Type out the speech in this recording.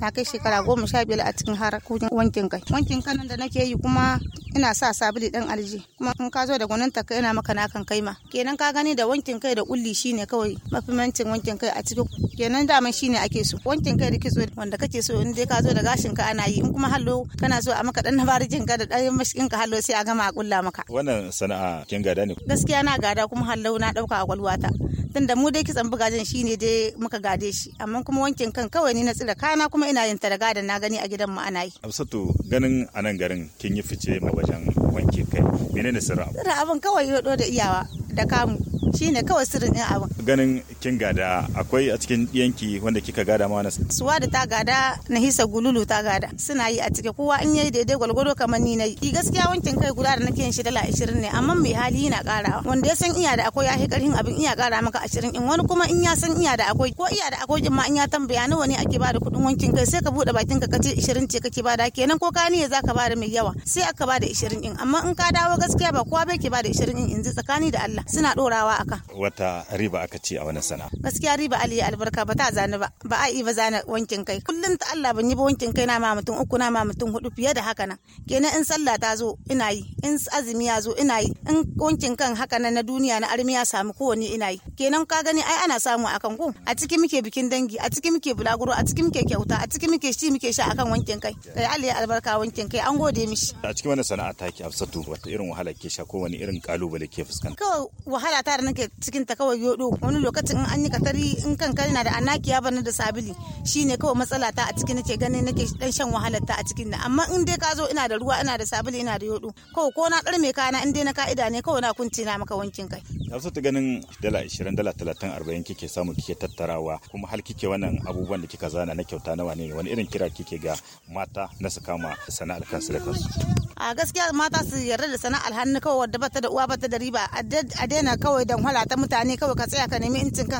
na kai shekara goma sha biyar a cikin harakokin wankin kai wankin kanan da nake yi kuma ina sa sabulu ɗin alji kuma in ka zo da gwanin ta ina maka nakan kai ma kenan ka gani da wankin kai da kulli shine kawai mafimancin wankin kai a cikin kenan daman shine ake so wankin kai da kitso wanda kake so in dai ka zo da gashin ka ana yi in kuma hallo kana so a maka dan nabarijin ka da dan mashikin ka hallo sai a gama a kulla maka wannan sana'a kin gada ne gaskiya na gada kuma hallo na dauka a kwalwata tunda mu dai kitsan bugajen shine dai muka gade shi amma kuma wankin kan kawai ni na tsira kana kuma ina yin ta da na gani a gidan mu ana yi Absatu ganin anan garin kin yi fice ma wajen wanke kai menene sirra abin kawai yodo da iyawa da kamu Shi ne kawai sirrin ɗin abin ganin kin gada akwai a cikin yanki wanda kika gada ma wani suwa da ta gada na hisa gululu ta gada suna yi a cike kowa in yayi daidai gwalgwado kamar ni nayi ki gaskiya wankin kai guda da nake yin shi dala ashirin ne amma mai hali yana karawa wanda ya san iya da akwai ya hi karhin abin iya kara maka ashirin in wani kuma in ya san iya da akwai ko iya da akwai in ma in ya tambaya nawa ne ake bada kuɗin wankin kai sai ka buɗe bakin ka ce ashirin ce kake bada kenan ko ka niyya ka bada mai yawa sai aka bada 20 in amma in ka dawo gaskiya ba kowa bai ke bada 20 in in ji tsakani da Allah suna ɗorawa aka wata riba aka ce a wani sana gaskiya riba ali albarka ba ta zani ba ba a yi ba zani wankin kai kullum ta Allah ban yi ba wankin kai na ma mutum uku na ma mutum hudu fiye da haka nan kenan in sallah ta zo ina yi in azumi ya zo ina yi in wankin kan haka nan na duniya na armi ya samu kowanne ina yi kenan ka gani ai ana samu akan ko a ciki muke bikin dangi a ciki muke bulaguro a ciki muke kyauta a ciki muke ci muke sha akan wankin kai kai Allah albarka wankin kai an gode mishi a cikin wannan sana'a ta ki Hafsatu wata irin wahala ke sha ko wani irin kalubale ke fuskanta kawai wahala ta nake cikin ta kawai yodo wani lokacin in an yi katari in kan kai na da anakiya bana da sabili shine kawai matsala ta a ciki nake ganin nake dan shan wahalar ta a cikin na amma in dai ka zo ina da ruwa ina da sabili ina da yodo kawai ko na dar me kana in dai na ka'ida ne kawai na kunce na maka wankin kai yanzu ta ganin dala 20 dala 30 40 kike samu kike tattarawa kuma hal kike wannan abubuwan da kika zana na kyauta nawa ne wani irin kira kike ga mata na su kama sana'ar kansu da kansu a gaskiya mata su yarda da sana'ar hannu kawai wadda bata da uwa bata da riba a daina kawai don hala ta mutane kawai ka tsaya ka nemi incin kan